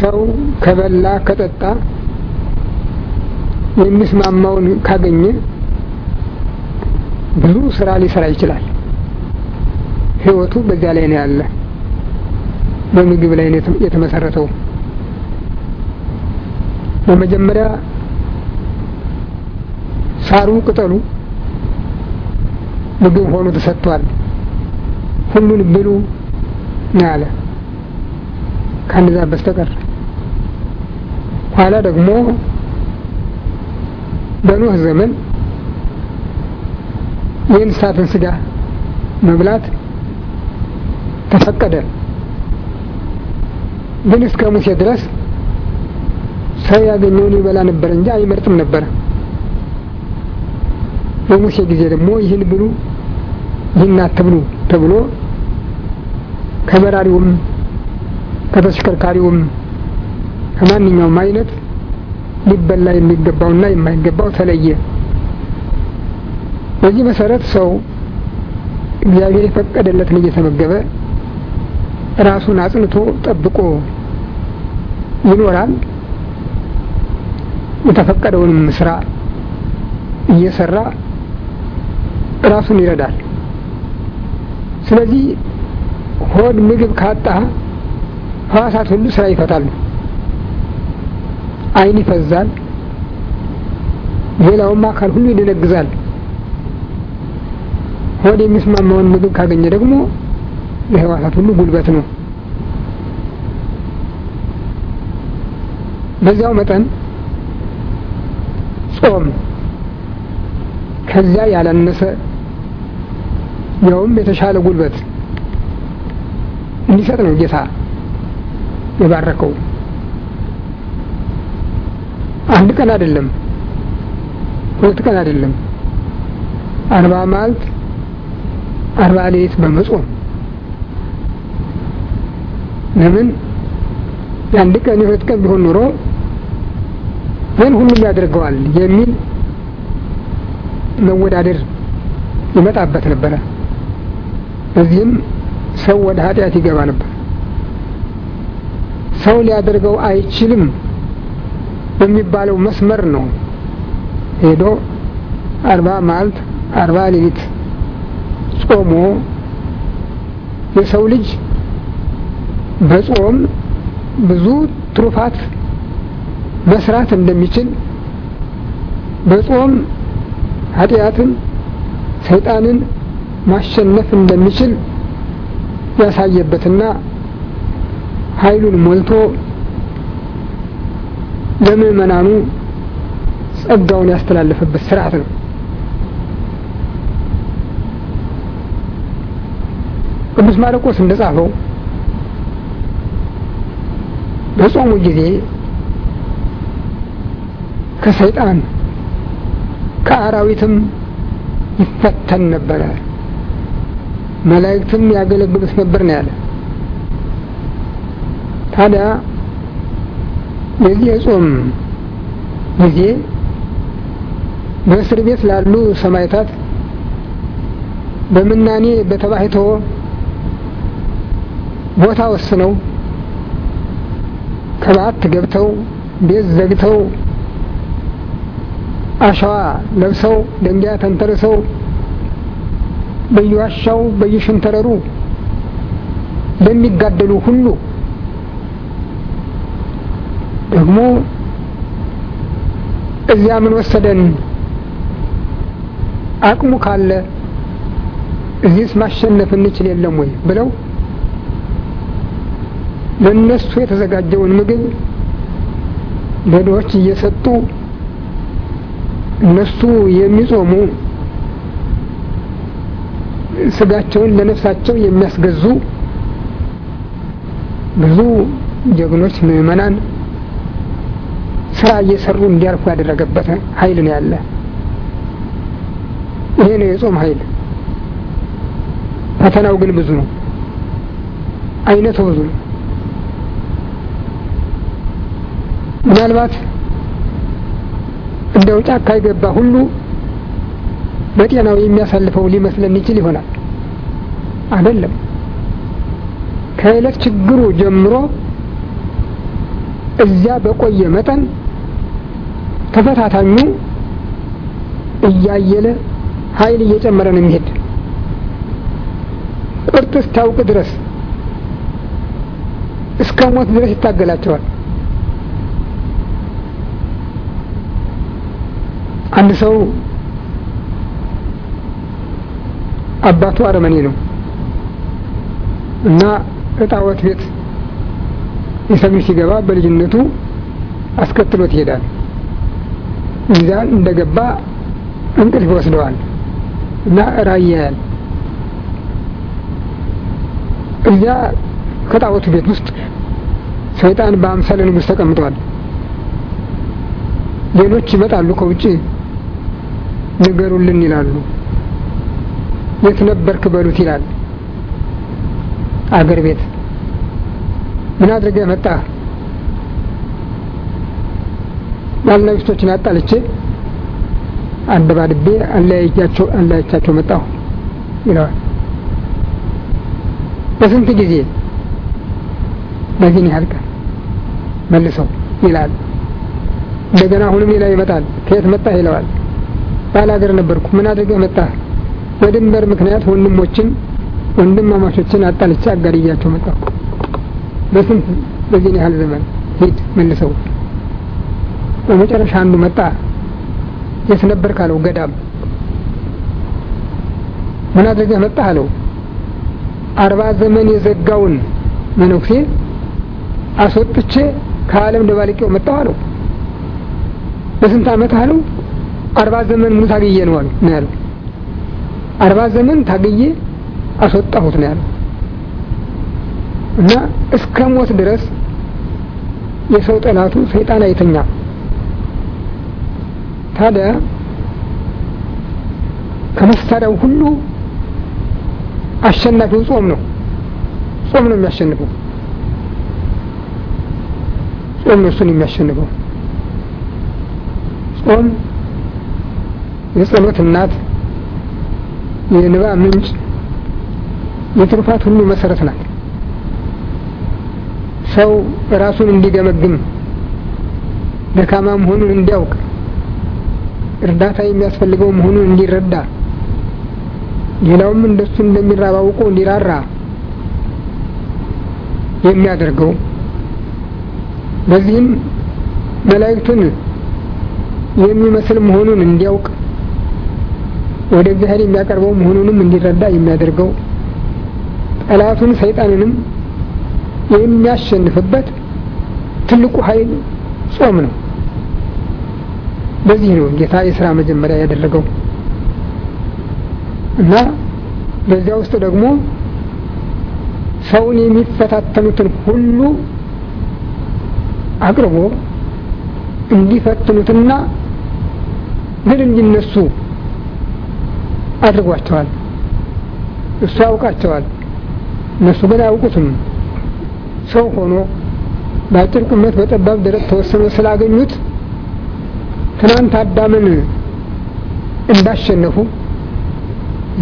ሰው ከበላ ከጠጣ የሚስማማውን ካገኘ ብዙ ስራ ሊሰራ ይችላል። ህይወቱ በዚያ ላይ ነው ያለ፣ በምግብ ላይ ነው የተመሰረተው። በመጀመሪያ ሳሩ ቅጠሉ ምግብ ሆኖ ተሰጥቷል። ሁሉን ብሉ ነው ያለ ከነዛ በስተቀር ኋላ ደግሞ በኖህ ዘመን የእንስሳትን ስጋ መብላት ተፈቀደ። ግን እስከ ሙሴ ድረስ ሰው ያገኘውን ይበላ ነበር እንጂ አይመርጥም ነበር። በሙሴ ጊዜ ደግሞ ይህን ብሉ፣ ይህን አትብሉ ተብሎ ከበራሪውም ከተሽከርካሪውም ከማንኛውም አይነት ሊበላ የሚገባውና የማይገባው ተለየ። በዚህ መሰረት ሰው እግዚአብሔር የፈቀደለትን እየተመገበ ራሱን አጽንቶ ጠብቆ ይኖራል። የተፈቀደውንም ስራ እየሰራ ራሱን ይረዳል። ስለዚህ ሆድ ምግብ ካጣ ህዋሳት ሁሉ ስራ ይፈታሉ። አይን ይፈዛል፣ ሌላውም አካል ሁሉ ይደነግዛል። ሆድ የሚስማማውን ምግብ ካገኘ ደግሞ ለሕዋሳት ሁሉ ጉልበት ነው። በዚያው መጠን ጾም ከዚያ ያላነሰ ያውም የተሻለ ጉልበት እንዲሰጥ ነው ጌታ የባረከው። አንድ ቀን አይደለም፣ ሁለት ቀን አይደለም፣ አርባ ማልት አርባ ሌሊት በመጾም ለምን የአንድ ቀን የሁለት ቀን ቢሆን ኑሮ ምን ሁሉም ያደርገዋል የሚል መወዳደር ይመጣበት ነበረ። በዚህም ሰው ወደ ኃጢአት ይገባ ነበር። ሰው ሊያደርገው አይችልም የሚባለው መስመር ነው ሄዶ አርባ ማልት አርባ ሌሊት ጾሞ የሰው ልጅ በጾም ብዙ ትሩፋት መስራት እንደሚችል በጾም ኃጢአትን ሰይጣንን ማሸነፍ እንደሚችል ያሳየበትና ኃይሉን ሞልቶ ለምእመናኑ ጸጋውን ያስተላለፈበት ስርዓት ነው ቅዱስ ማርቆስ እንደጻፈው በጾሙ ጊዜ ከሰይጣን ከአራዊትም ይፈተን ነበረ መላእክትም ያገለግሉት ነበር ነው ያለ ታዲያ የዚህ የጾም ጊዜ በእስር ቤት ላሉ ሰማይታት በምናኔ በተባሂቶ ቦታ ወስነው ከበዓት ገብተው ቤት ዘግተው አሸዋ ለብሰው ደንጊያ ተንተርሰው በየዋሻው በየሽንተረሩ ለሚጋደሉ ሁሉ ደግሞ እዚያ ምን ወሰደን አቅሙ ካለ እዚህስ ማሸነፍ እንችል የለም ወይ ብለው ለእነሱ የተዘጋጀውን ምግብ ለድሆች እየሰጡ እነሱ የሚጾሙ ስጋቸውን ለነፍሳቸው የሚያስገዙ ብዙ ጀግኖች ምእመናን። ስራ እየሰሩ እንዲያርፉ ያደረገበት ኃይል ነው ያለ። ይሄ ነው የጾም ኃይል። ፈተናው ግን ብዙ ነው፣ አይነቱ ብዙ ነው። ምናልባት እንደው ጫካ የገባ ሁሉ በጤናው የሚያሳልፈው ሊመስለን ይችል ይሆናል። አይደለም። ከእለት ችግሩ ጀምሮ እዚያ በቆየ መጠን ተፈታታኙ እያየለ ኃይል እየጨመረ ነው የሚሄድ ቁርጥ እስታውቅ ድረስ እስከ ሞት ድረስ ይታገላቸዋል። አንድ ሰው አባቱ አረመኔ ነው እና እጣወት ቤት የሰሚ ሲገባ በልጅነቱ አስከትሎት ይሄዳል። ሚዛን እንደገባ እንቅልፍ ይወስደዋል እና ራያያል እዚያ ከጣወቱ ቤት ውስጥ ሰይጣን በአምሳለ ንጉስ ተቀምጧል። ሌሎች ይመጣሉ ከውጭ ንገሩልን ይላሉ። የት ነበርክ በሉት ይላል። አገር ቤት ምን አድርገ መጣህ? ባልና ሚስቶችን አጣልቼ አደባድቤ አለያይቻቸው መጣሁ ይለዋል በስንት ጊዜ በዚህን ያህል ቀን መልሰው ይላል እንደገና አሁንም ሌላ ይመጣል ከየት መጣህ ይለዋል ባላገር ነበርኩ ምን አድርገህ መጣ? በድንበር ምክንያት ወንድሞችን ወንድማማቾችን አጣልቼ አጋድያቸው መጣሁ በስንት በዚህን ያህል ዘመን ሂድ መልሰው በመጨረሻ አንዱ መጣ የት ነበር ካለው ገዳም ምን አድርገህ መጣ አለው አርባ ዘመን የዘጋውን መነኩሴ አስወጥቼ ከአለም ደባልቄው መጣ አለው በስንት አመት አለው አርባ ዘመን ሙሉ ታግዬ ነው አሉ ነው ያለው አርባ ዘመን ታግዬ አስወጣሁት ነው ያለው እና እስከ ሞት ድረስ የሰው ጠላቱ ሰይጣን አይተኛ ታዲያ ከመሳሪያው ሁሉ አሸናፊው ጾም ነው ጾም ነው የሚያሸንፈው ጾም ነው እሱን የሚያሸንፈው ጾም የጸሎት እናት የንባ ምንጭ የትርፋት ሁሉ መሰረት ናት ሰው ራሱን እንዲገመግም ደካማ መሆኑን እንዲያውቅ እርዳታ የሚያስፈልገው መሆኑን እንዲረዳ ሌላውም እንደሱ እንደሚራብ አውቆ እንዲራራ የሚያደርገው በዚህም መላእክትን የሚመስል መሆኑን እንዲያውቅ ወደ እግዚአብሔር የሚያቀርበው መሆኑንም እንዲረዳ የሚያደርገው ጠላቱን ሰይጣንንም የሚያሸንፍበት ትልቁ ኃይል ጾም ነው። በዚህ ነው ጌታ የስራ መጀመሪያ ያደረገው እና በዚያ ውስጥ ደግሞ ሰውን የሚፈታተኑትን ሁሉ አቅርቦ እንዲፈትኑትና ግን እንዲነሱ አድርጓቸዋል እሱ ያውቃቸዋል እነሱ ግን አያውቁትም ሰው ሆኖ በአጭር ቁመት በጠባብ ደረት ተወስኖ ስላገኙት ትናንት አዳምን እንዳሸነፉ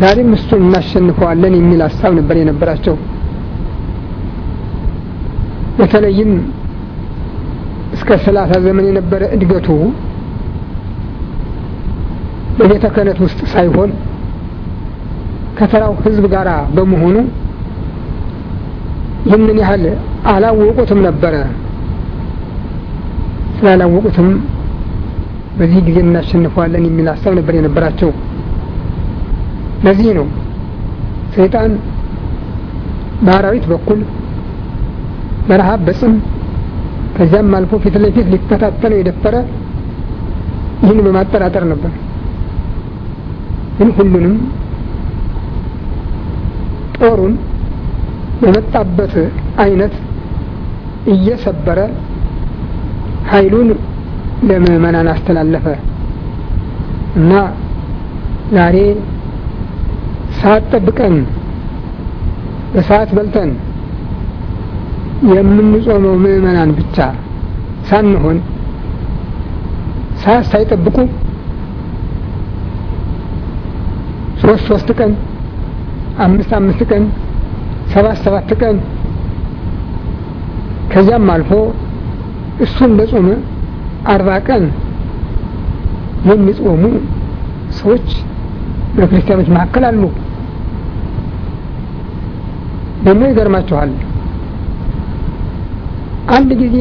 ዛሬም እሱን እናሸንፈዋለን የሚል ሀሳብ ነበር የነበራቸው በተለይም እስከ ሰላሳ ዘመን የነበረ እድገቱ በቤተ ክህነት ውስጥ ሳይሆን ከተራው ህዝብ ጋር በመሆኑ ይህንን ያህል አላወቁትም ነበረ ስላላወቁትም በዚህ ጊዜ እናሸንፈዋለን የሚል ሀሳብ ነበር የነበራቸው ለዚህ ነው ሰይጣን በአራዊት በኩል በረሃብ በጽም ከዚያም አልፎ ፊት ለፊት ሊፈታተነው የደፈረ ይህን በማጠራጠር ነበር ግን ሁሉንም ጦሩን የመጣበት አይነት እየሰበረ ኃይሉን ለምዕመናን አስተላለፈ እና ዛሬ ሰዓት ጠብቀን በሰዓት በልተን የምንጾመው ምእመናን ብቻ ሳንሆን ሰዓት ሳይጠብቁ ሶስት ሶስት ቀን አምስት አምስት ቀን ሰባት ሰባት ቀን ከዚያም አልፎ እሱን በጾመ አርባ ቀን የሚጾሙ ሰዎች በክርስቲያኖች መካከል አሉ ደግሞ ይገርማችኋል አንድ ጊዜ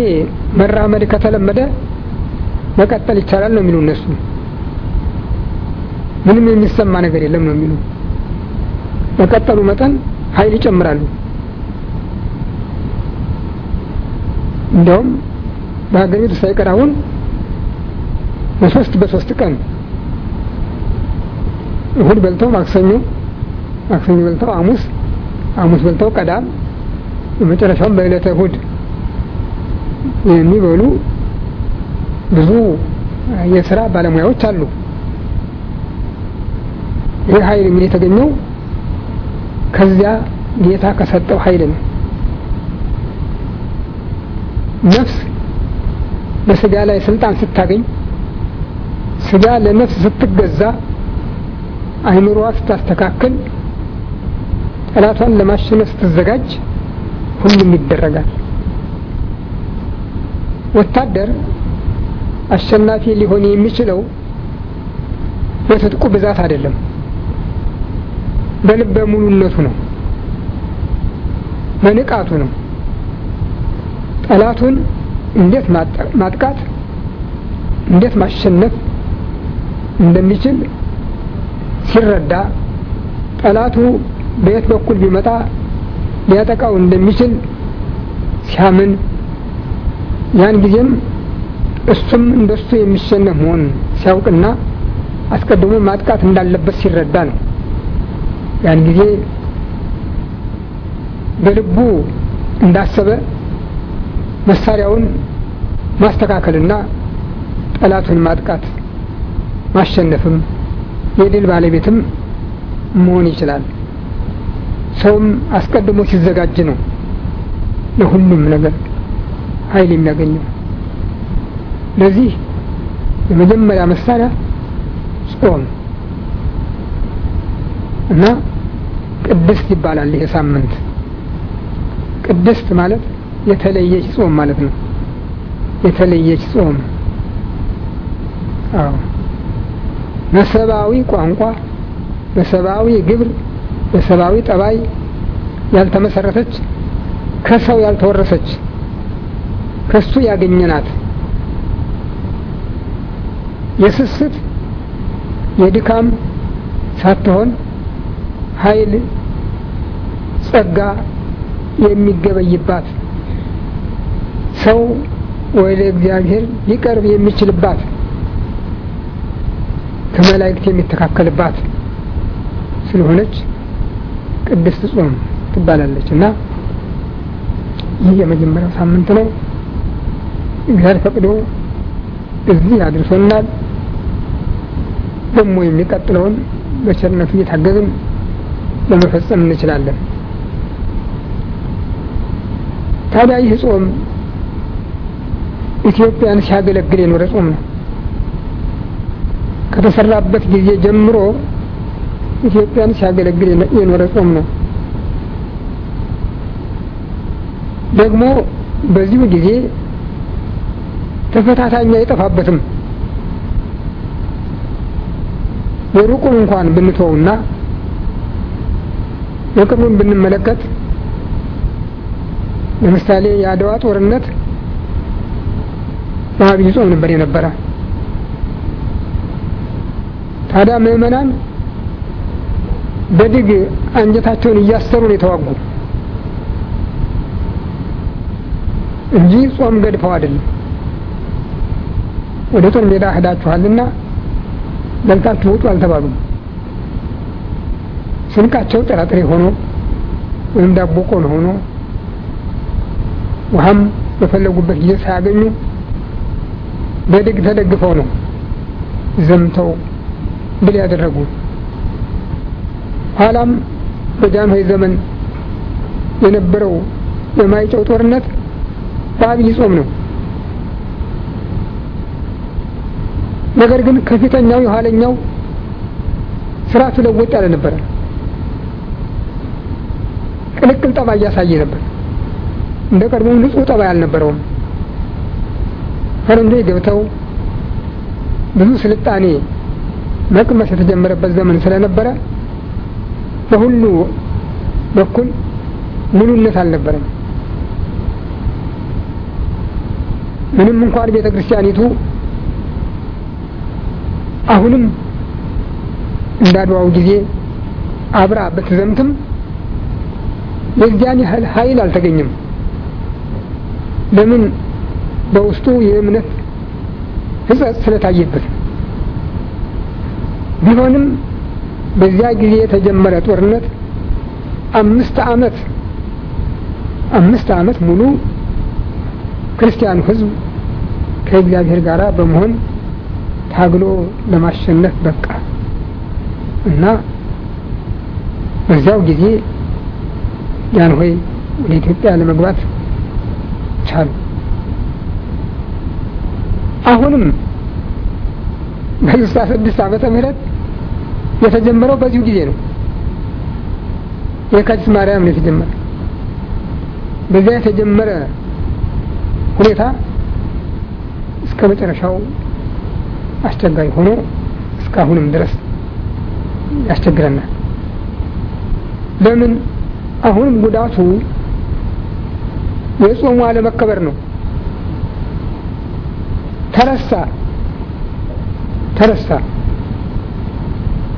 መራመድ ከተለመደ መቀጠል ይቻላል ነው የሚሉ እነሱ ምንም የሚሰማ ነገር የለም ነው የሚሉ መቀጠሉ መጠን ሀይል ይጨምራሉ እንዲያውም በሀገሪቱ ሳይቀር አሁን በሶስት በሶስት ቀን እሁድ በልተው ማክሰኞ ማክሰኞ በልተው አሙስ አሙስ በልተው ቀዳም በመጨረሻውም በእለተ እሁድ የሚበሉ ብዙ የስራ ባለሙያዎች አሉ። ይህ ኃይል እንግዲህ የተገኘው ከዚያ ጌታ ከሰጠው ኃይል ነው። ነፍስ በስጋ ላይ ስልጣን ስታገኝ ስጋ ለነፍስ ስትገዛ አይምሮዋ ስታስተካክል ጠላቷን ለማሸነፍ ስትዘጋጅ ሁሉም ይደረጋል ወታደር አሸናፊ ሊሆን የሚችለው በትጥቁ ብዛት አይደለም በልበ ሙሉነቱ ነው በንቃቱ ነው ጠላቱን እንዴት ማጥቃት እንዴት ማሸነፍ እንደሚችል ሲረዳ ጠላቱ በየት በኩል ቢመጣ ሊያጠቃው እንደሚችል ሲያምን ያን ጊዜም እሱም እንደሱ የሚሸነፍ መሆን ሲያውቅና አስቀድሞ ማጥቃት እንዳለበት ሲረዳ ነው። ያን ጊዜ በልቡ እንዳሰበ መሳሪያውን ማስተካከልና ጠላቱን ማጥቃት ማሸነፍም የድል ባለቤትም መሆን ይችላል ሰውም አስቀድሞ ሲዘጋጅ ነው ለሁሉም ነገር ኃይል የሚያገኘው ለዚህ የመጀመሪያ መሳሪያ ጾም እና ቅድስት ይባላል ይሄ ሳምንት ቅድስት ማለት የተለየች ጾም ማለት ነው የተለየች ጾም አዎ በሰብአዊ ቋንቋ፣ በሰብአዊ ግብር፣ በሰብአዊ ጠባይ ያልተመሰረተች ከሰው ያልተወረሰች ከሱ ያገኘናት የስስት የድካም ሳትሆን ኃይል ጸጋ የሚገበይባት ሰው ወደ እግዚአብሔር ሊቀርብ የሚችልባት ከመላእክት የሚተካከልባት ስለሆነች ቅድስት ጾም ትባላለች እና ይህ የመጀመሪያው ሳምንት ነው እግዚአብሔር ፈቅዶ እዚህ አድርሶናል ደግሞ የሚቀጥለውን በቸርነቱ እየታገዝን ለመፈጸም እንችላለን ታዲያ ይህ ጾም ኢትዮጵያን ሲያገለግል የኖረ ጾም ነው ከተሰራበት ጊዜ ጀምሮ ኢትዮጵያን ሲያገለግል የኖረ ጾም ነው። ደግሞ በዚሁ ጊዜ ተፈታታኝ አይጠፋበትም። የሩቁን እንኳን ብንተውና የቅርቡን ብንመለከት ለምሳሌ የአድዋ ጦርነት በአብይ ጾም ነበር የነበረ። ታዲያ ምእመናን በድግ አንጀታቸውን እያሰሩ ነው የተዋጉ እንጂ ጾም ገድፈው አይደለም። ወደ ጦር ሜዳ ሄዳችኋልና በልታችሁ ውጡ አልተባሉም። ስንቃቸው ጥራጥሬ ሆኖ ወይም ዳቦ ቆሎ ሆኖ ውሃም በፈለጉበት ጊዜ ሳያገኙ በድግ ተደግፈው ነው ዘምተው ብል ያደረጉ ኋላም በጃንሆይ ዘመን የነበረው የማይጨው ጦርነት በአብይ ጾም ነው። ነገር ግን ከፊተኛው የኋለኛው ስርዓቱ ለወጥ ያለ ነበረ። ቅልቅል ጠባ እያሳየ ነበር። እንደ ቀድሞ ንጹሕ ጠባይ አልነበረውም። ፈረንጆች ገብተው ብዙ ስልጣኔ መቅመስ የተጀመረበት ዘመን ስለነበረ በሁሉ በኩል ሙሉነት አልነበረም። ምንም እንኳን ቤተ ክርስቲያኒቱ አሁንም እንዳድዋው ጊዜ አብራ ብትዘምትም የዚያን ያህል ኃይል አልተገኘም። ለምን? በውስጡ የእምነት ሕጸጽ ስለታየበት ቢሆንም በዚያ ጊዜ የተጀመረ ጦርነት አምስት አመት አምስት አመት ሙሉ ክርስቲያኑ ህዝብ ከእግዚአብሔር ጋር በመሆን ታግሎ ለማሸነፍ በቃ እና በዚያው ጊዜ ያን ሆይ ወደ ኢትዮጵያ ለመግባት ቻሉ። አሁንም በስልሳ ስድስት ዓመተ ምህረት የተጀመረው በዚሁ ጊዜ ነው የካቲት ማርያም ነው የተጀመረ በዚያ የተጀመረ ሁኔታ እስከ መጨረሻው አስቸጋሪ ሆኖ እስካሁንም ድረስ ያስቸግረናል ለምን አሁንም ጉዳቱ የጾሙ አለመከበር ነው ተረሳ ተረሳ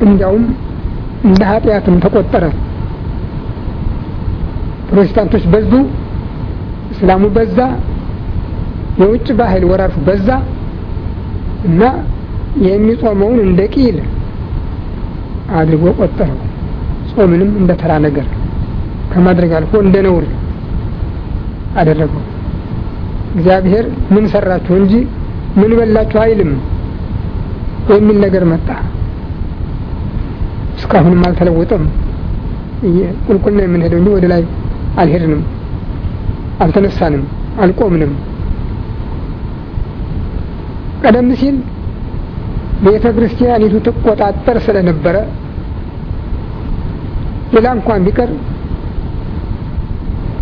እንዲያውም እንደ ኃጢአትም ተቆጠረ ፕሮቴስታንቶች በዙ እስላሙ በዛ የውጭ ባህል ወራሹ በዛ እና የሚጾመውን እንደ ቂል አድርጎ ቆጠረው ጾምንም እንደ ተራ ነገር ከማድረግ አልፎ እንደ ነውር አደረገው እግዚአብሔር ምን ሰራችሁ እንጂ ምን በላችሁ አይልም የሚል ነገር መጣ እስካሁንም አልተለወጠም። ቁልቁል ነው የምንሄደው እንጂ ወደ ላይ አልሄድንም፣ አልተነሳንም፣ አልቆምንም። ቀደም ሲል ቤተ ክርስቲያኒቱ ትቆጣጠር ስለነበረ ሌላ እንኳን ቢቀር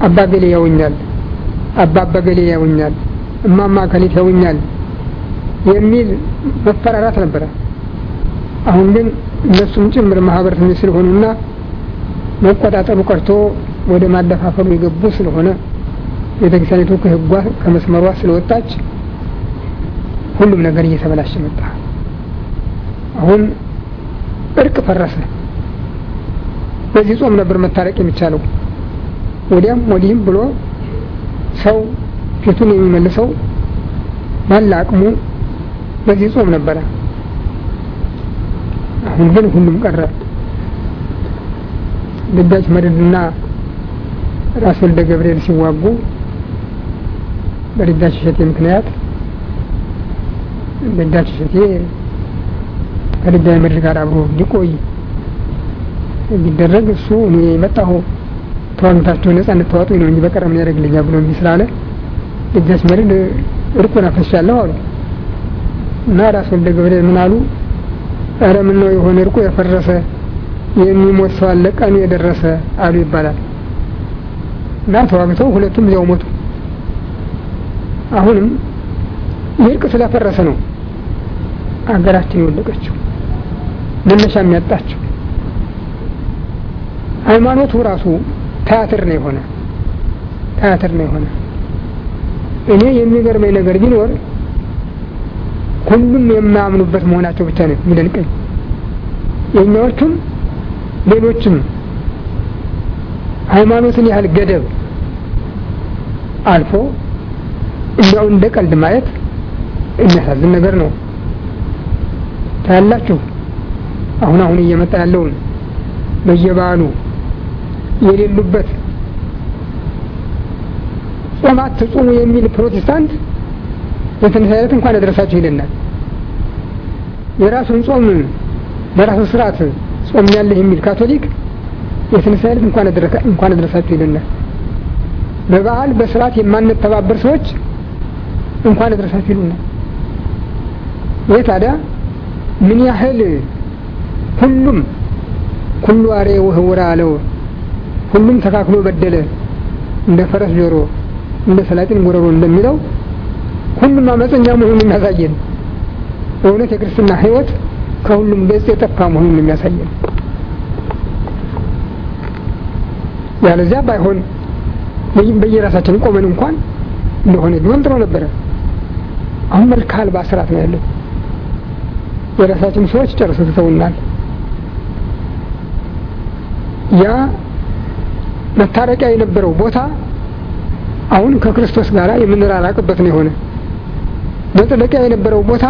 አባ ገሌ ያውኛል፣ አባ ገሌ ያውኛል፣ እማማ ከሊት ያውኛል የሚል መፈራራት ነበረ። አሁን ግን እነሱም ጭምር ማህበረሰብ ስለሆኑና መቆጣጠሩ ቀርቶ ወደ ማደፋፈሩ የገቡ ስለሆነ ቤተክርስቲያኒቱ ከህጓ ከመስመሯ ስለወጣች ሁሉም ነገር እየተበላሸ መጣ። አሁን እርቅ ፈረሰ። በዚህ ጾም ነበር መታረቅ የሚቻለው። ወዲያም ወዲህም ብሎ ሰው ፊቱን የሚመልሰው ባለ አቅሙ በዚህ ጾም ነበረ። ብንል ሁሉም ቀረ ደጃች መድንና ራስ ወልደ ገብርኤል ሲዋጉ በደጃች እሸቴ ምክንያት ደጃች እሸቴ ከደጃዊ መድር ጋር አብሮ እንዲቆይ እንዲደረግ እሱ እኔ መጣሁ ተዋግታቸው ነጻ እንድታወጡ ነው እንጂ በቀረ ምን ያደርግልኛል ብሎ እንዲ ስላለ ደጃች መድር እርቁን አፈሻለሁ አሉ እና ራስ ወልደ ገብርኤል ምን አሉ ኧረ ምን ነው የሆነ እርቁ የፈረሰ የሚሞት ሰው አለ ቀኑ የደረሰ አሉ ይባላል እና ተዋግተው ሁለቱም እዚያው ሞቱ። አሁንም እርቅ ስለፈረሰ ነው አገራችን የወለቀችው መነሻ የሚያጣቸው። ሃይማኖቱ ራሱ ቲያትር ነው የሆነ ቲያትር ነው የሆነ። እኔ የሚገርመኝ ነገር ቢኖር ሁሉም የማያምኑበት መሆናቸው ብቻ ነው የሚደንቀኝ የእኛዎቹም ሌሎችም ሃይማኖትን ያህል ገደብ አልፎ እንዲያው እንደ ቀልድ ማየት የሚያሳዝን ነገር ነው ታያላችሁ አሁን አሁን እየመጣ ያለውን በየበዓሉ የሌሉበት ጾማት ትጹሙ የሚል ፕሮቴስታንት የትንሣኤ ዕለት እንኳን አደረሳችሁ ይለናል የራሱን ጾም በራሱ ስርዓት ጾም ያለህ የሚል ካቶሊክ የትንሣኤ ዕለት እንኳን አደረሳችሁ ይልና በበዓል በስርዓት የማንተባበር ሰዎች እንኳን አደረሳችሁ ይሉናል። ወይ ታዲያ ምን ያህል ሁሉም ሁሉ አሬ ወህውራ አለው ሁሉም ተካክሎ በደለ እንደ ፈረስ ጆሮ እንደ ሰላጢን ጎረሮ እንደሚለው ሁሉም አመፀኛ መሆኑን እናሳየን በእውነት የክርስትና ህይወት ከሁሉም ገጽ የጠፋ መሆኑን የሚያሳየን ያለዚያ ባይሆን በየራሳችን ቆመን እንኳን እንደሆነ ቢሆን ጥሩ ነበረ። አሁን መልክ አልባ ስርዓት ነው ያለው። የራሳችን ሰዎች ጨርሰ ትተውናል። ያ መታረቂያ የነበረው ቦታ አሁን ከክርስቶስ ጋር የምንራራቅበት ነው የሆነ። መጥለቂያ የነበረው ቦታ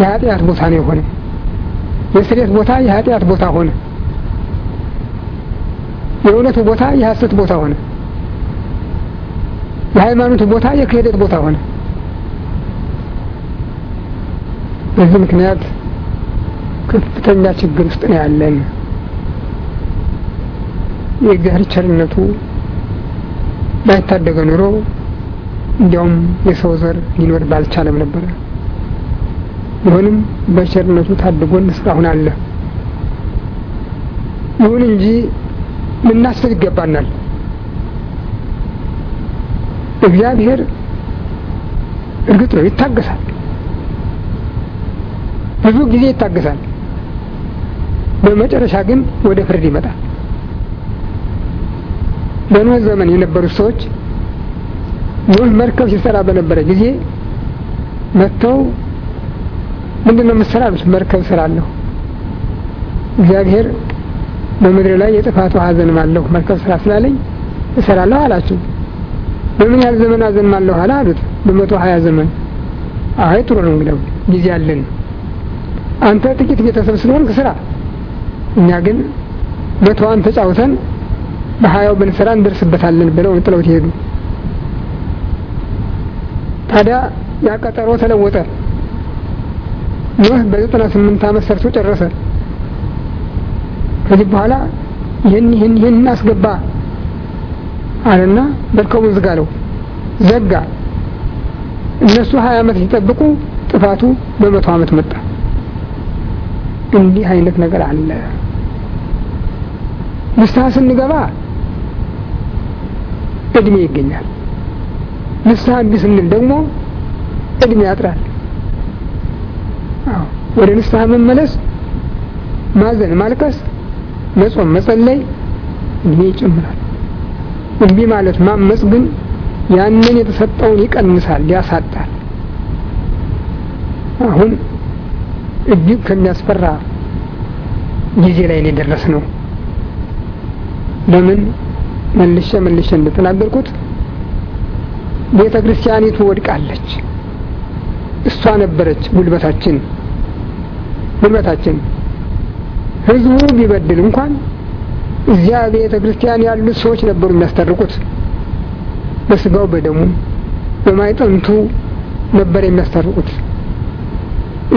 የኃጢአት ቦታ ነው የሆነ። የስሬት ቦታ የኃጢአት ቦታ ሆነ። የእውነቱ ቦታ የሐሰት ቦታ ሆነ። የሃይማኖቱ ቦታ የክህደት ቦታ ሆነ። በዚህ ምክንያት ከፍተኛ ችግር ውስጥ ነው ያለን። የእግዚአብሔር ቸርነቱ ባይታደገ ኑሮ እንዲያውም የሰው ዘር ሊኖር ባልቻለም ነበረ። ቢሆንም በቸርነቱ ታድጎን እስካሁን አለ። ይሁን እንጂ ልናስብ ይገባናል። እግዚአብሔር እርግጥ ነው ይታገሳል፣ ብዙ ጊዜ ይታገሳል። በመጨረሻ ግን ወደ ፍርድ ይመጣል። በኖ ዘመን የነበሩት ሰዎች ኖህ መርከብ ሲሰራ በነበረ ጊዜ መጥተው ምንድን ነው የምትሰራ አሉት መርከብ ስራለሁ እግዚአብሔር በምድር ላይ የጥፋት ውሃ አዘንባለሁ መርከብ ስራ ስላለኝ እሰራለሁ አላቸው በምን ያህል ዘመን አዘንባለሁ አለ አሉት በመቶ ሀያ ዘመን አይ ጥሩ ነው እንግዲህ ጊዜ አለን አንተ ጥቂት ቤተሰብ ስለሆንክ ስራ እኛ ግን መቶዋን ተጫውተን በሀያው ብንሰራ እንደርስበታለን ብለው ጥለውት ይሄዱ ታዲያ ያቀጠሮ ተለወጠ ኖህ በዘጠና ስምንት አመት ሰርቶ ጨረሰ። ከዚህ በኋላ ይህን ይህን ይህን አስገባ አለና መርከቡን ዝጋ ለው! ዘጋ። እነሱ ሀያ ዓመት ሲጠብቁ ጥፋቱ በመቶ አመት መጣ። እንዲህ አይነት ነገር አለ። ንስሐ ስንገባ እድሜ ይገኛል። ንስሐ እንዲህ ስንል ደግሞ እድሜ ያጥራል። ወደ ንስሐ መመለስ ማዘን፣ ማልቀስ፣ መጾም፣ መጸለይ እድሜ ይጨምራል። እንቢ ማለት ማመፅ ግን ያንን የተሰጠውን ይቀንሳል፣ ያሳጣል። አሁን እጅግ ከሚያስፈራ ጊዜ ላይ ነው የደረስ ነው። ለምን መልሸ መልሸ እንደተናገርኩት ቤተ ክርስቲያኒቱ ወድቃለች። እሷ ነበረች ጉልበታችን ጉልበታችን ህዝቡ ቢበድል እንኳን እዚያ ቤተ ክርስቲያን ያሉት ሰዎች ነበሩ የሚያስታርቁት። በስጋው በደሙ በማይጠንቱ ነበር የሚያስታርቁት።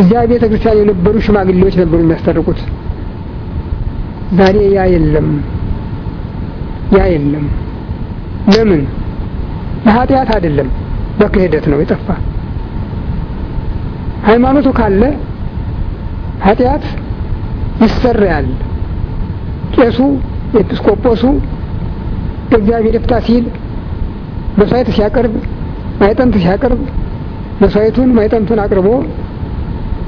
እዚያ ቤተ ክርስቲያን የነበሩ ሽማግሌዎች ነበሩ የሚያስታርቁት። ዛሬ ያ የለም፣ ያ የለም። ለምን? ለኃጢአት አይደለም፣ በክህደት ነው የጠፋ ሃይማኖቱ ካለ ኃጢአት ይሰረያል። ቄሱ ኤጲስቆጶሱ እግዚአብሔር ይፍታ ሲል መስዋዕት ሲያቀርብ ማይጠንት ሲያቀርብ መስዋዕቱን ማይጠንቱን አቅርቦ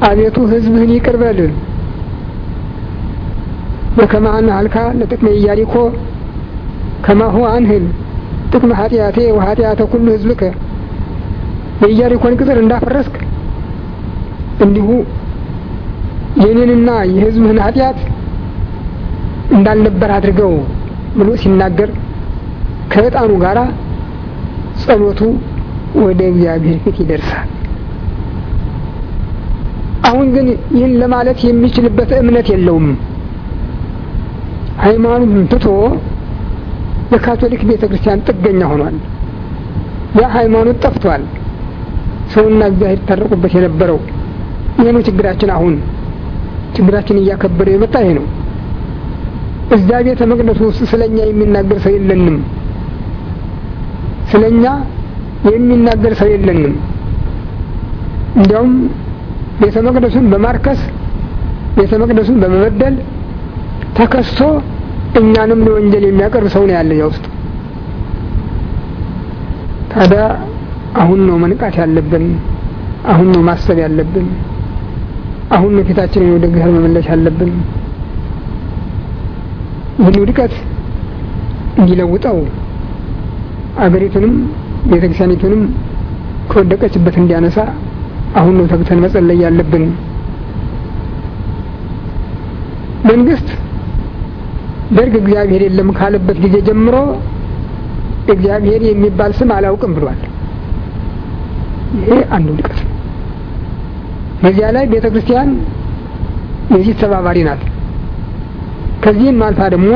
አቤቱ ሕዝብህን ይቅር በል በከመ አልካ ለጥቅመ ኢያሪኮ ከማሁ አንህን ጥቅመ ኃጢአቴ ወኃጢአተ ኩሉ ሕዝብከ የኢያሪኮን ቅጥር እንዳፈረስክ እንዲሁ የኔንና የህዝብህን ኃጢአት እንዳልነበር አድርገው ብሎ ሲናገር ከእጣኑ ጋር ጸሎቱ ወደ እግዚአብሔር ፊት ይደርሳል። አሁን ግን ይህን ለማለት የሚችልበት እምነት የለውም። ሃይማኖትን ትቶ በካቶሊክ ቤተ ክርስቲያን ጥገኛ ሆኗል። ያ ሃይማኖት ጠፍቷል። ሰውና እግዚአብሔር ታረቁበት የነበረው ይህ ነው ችግራችን አሁን ችግራችን እያከበረ የመጣ ይሄ ነው እዛ ቤተ መቅደሱ ውስጥ ስለኛ የሚናገር ሰው የለንም ስለኛ የሚናገር ሰው የለንም እንዲያውም ቤተ መቅደሱን በማርከስ ቤተ መቅደሱን በመበደል ተከስቶ እኛንም ለወንጀል የሚያቀርብ ሰው ነው ያለ እዚያ ውስጥ ታዲያ አሁን ነው መንቃት ያለብን አሁን ነው ማሰብ ያለብን አሁን ነው ፊታችንን ወደ እግዚአብሔር መመለስ ያለብን። ይህን ውድቀት እንዲለውጠው አገሪቱንም ቤተክርስቲያኒቱንም ከወደቀችበት እንዲያነሳ አሁን ነው ተግተን መጸለይ ያለብን። መንግስት ደርግ እግዚአብሔር የለም ካለበት ጊዜ ጀምሮ እግዚአብሔር የሚባል ስም አላውቅም ብሏል። ይሄ አንዱ ውድቀት በዚያ ላይ ቤተ ክርስቲያን የዚህ ተባባሪ ናት። ከዚህም አልፋ ደግሞ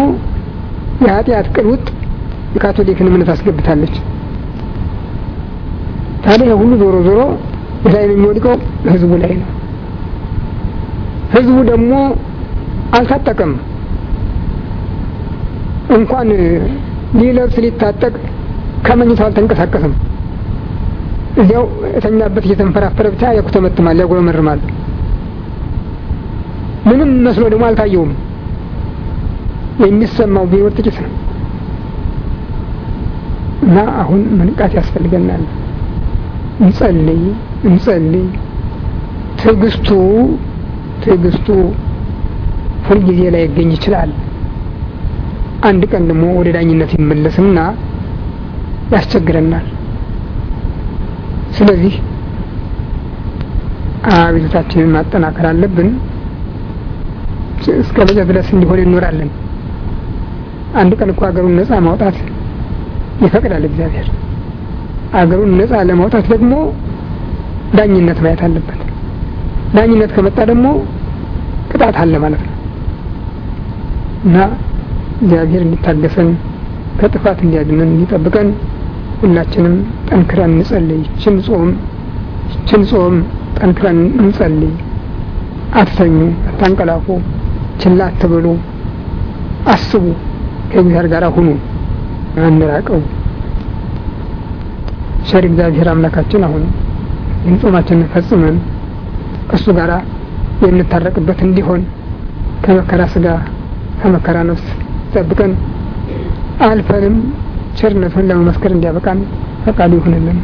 የኃጢአት ቅል ውጥ የካቶሊክን እምነት አስገብታለች። ታዲያ ሁሉ ዞሮ ዞሮ ላይ የሚወድቀው ህዝቡ ላይ ነው። ህዝቡ ደግሞ አልታጠቀም። እንኳን ሊለብስ ሊታጠቅ ከመኝታው አልተንቀሳቀስም። እዚያው እተኛበት እየተንፈራፈረ ብቻ ያኩተመትማል፣ ያጎረመርማል። ምንም መስሎ ደግሞ አልታየውም። የሚሰማው ቢኖር ጥቂት ነው እና አሁን መንቃት ያስፈልገናል። እንጸልይ እንጸልይ። ትዕግስቱ ትዕግስቱ ሁልጊዜ ይገኝ ይችላል። አንድ ቀን ደግሞ ወደ ዳኝነት ይመለስና ያስቸግረናል። ስለዚህ አቤቱታችንን ማጠናከር አለብን። እስከ መቼ ድረስ እንዲሆን እንኖራለን? አንድ ቀን እኮ ሀገሩን ነፃ ማውጣት ይፈቅዳል እግዚአብሔር። አገሩን ነፃ ለማውጣት ደግሞ ዳኝነት ማየት አለበት። ዳኝነት ከመጣ ደግሞ ቅጣት አለ ማለት ነው እና እግዚአብሔር እንዲታገሰን ከጥፋት እንዲያድነን እንዲጠብቀን ሁላችንም ጠንክረን እንጸልይ። ችን ጾም ችን ጾም ጠንክረን እንጸልይ። አትተኙ፣ አታንቀላፉ፣ ችላ አትበሉ። አስቡ፣ ከእግዚአብሔር ጋር ሁኑ፣ አንራቀው። ሸሪ እግዚአብሔር አምላካችን አሁን ይህን ጾማችንን ፈጽመን እሱ ጋር የምንታረቅበት እንዲሆን ከመከራ ስጋ ከመከራ ነፍስ ጠብቀን አልፈንም ቸርነቱን ለመመስከር እንዲያበቃን ፈቃዱ ይሁንልን።